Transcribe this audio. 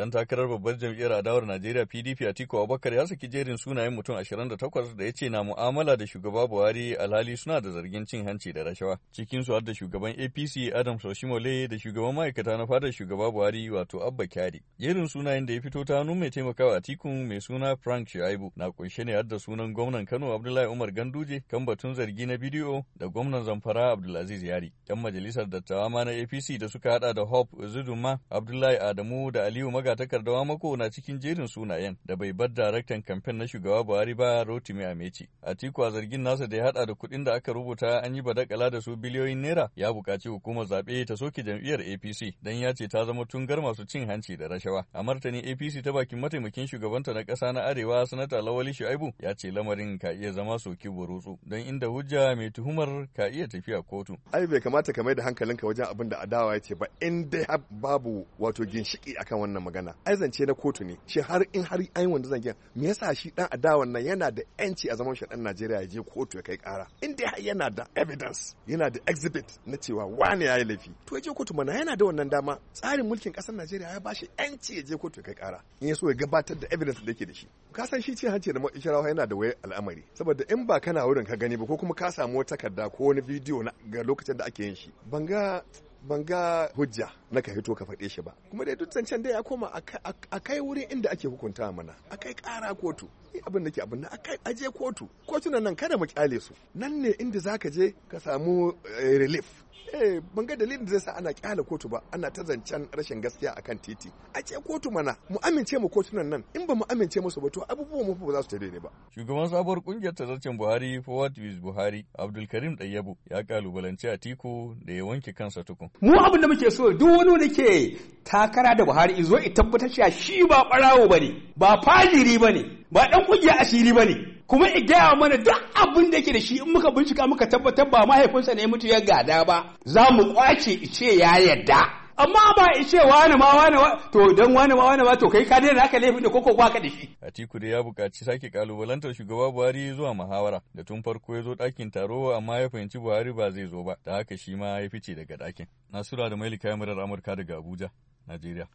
Dan takarar babbar jam'iyyar adawar Najeriya PDP a Atiku Abubakar ya saki jerin sunayen mutum 28 da ya ce na mu'amala da shugaba Buhari alhali suna da zargin cin hanci da rashawa. Cikin su har da shugaban APC Adam Soshimole da shugaban ma'aikata na fadar shugaba Buhari wato Abba Kyari. Jerin sunayen da ya fito ta nuna mai taimakawa Atiku mai suna Frank Shaibu na kunshe ne har da sunan gwamnan Kano Abdullahi Umar Ganduje kan batun zargi na bidiyo da gwamnan Zamfara Abdulaziz Yari. Yan majalisar dattawa ma na APC da suka hada da Hope Zuduma Abdullahi Adamu da Aliyu Maga takardawa mako na cikin jerin sunayen da bai bar daraktan kamfen na shugaba Buhari ba Rotimi a Atiku a zargin nasa da ya hada da kuɗin da aka rubuta an yi badakala da su biliyoyin naira ya bukaci hukumar zaɓe ta soke jam'iyyar APC don ya ce ta zama tungar masu cin hanci da rashawa. A martani APC ta bakin mataimakin shugabanta na ƙasa na Arewa sanata Lawali Shu'aibu ya ce lamarin ka iya zama soki burutsu don inda hujja mai tuhumar ka iya tafiya kotu. Ai bai kamata ka mai da hankalinka wajen abin da adawa ya ce ba in dai babu wato ginshiki akan wannan magana. magana ai zance na kotu ne shi har in har an wanda zan me yasa shi dan adawan nan yana da yanci a zaman shi dan Najeriya ya je kotu ya kai kara in dai yana da evidence yana da exhibit na cewa wane yayi laifi to ya je kotu mana yana da wannan dama tsarin mulkin kasar Najeriya ya bashi yanci ya je kotu ya kai kara in ya so ya gabatar da evidence da yake da shi ka san shi cin hanci da mu'isharawa yana da wayar al'amari saboda in ba kana wurin ka gani ba ko kuma ka samu takarda ko wani bidiyo ga lokacin da ake yin shi ban ga hujja na ka hito ka faɗe shi ba kuma dai duk zancen dai ya koma a kai wurin inda ake hukunta mana a kai ƙara kotu ni abin da ke abin a kai aje kotu kotunan nan kada mu kyale su nan ne inda zaka je ka samu eh, relief eh ban ga dalilin da zai sa ana kyale kotu ba ana ta zancen rashin gaskiya akan titi a kotu mana mu amince mu kotunan nan in ba mu amince musu ba to abubuwan mu ba za su ta daidai ba shugaban sabuwar kungiyar tazarcen Buhari Forward with Buhari Abdulkarim Dayyabo ya kalubalanci Atiku da ya wanke kansa tukun mu abin da muke so duk wani wanda ke takara da Buhari izo i tabbatar cewa shi ba barawo ne, ba fajiri ne, ba dan kungiya asiri ba ne, kuma i gaya mana duk abin da ke da shi in muka bincika muka tabbatar ba mahaifinsa ne mutu ya gada ba za mu kwace ce ya yarda. amma ba ishe wani ma ma. to dan wani ma wani ma to kai ka daina haka laifi da koko ka da shi Atiku da ya buƙaci sake kalubalantar shugaba Buhari zuwa muhawara da tun farko ya zo ɗakin taro amma ya fahimci Buhari ba zai zo ba da haka shi ma ya fice daga ɗakin Nasura da Mailika Yamirar Amurka daga Abuja Najeriya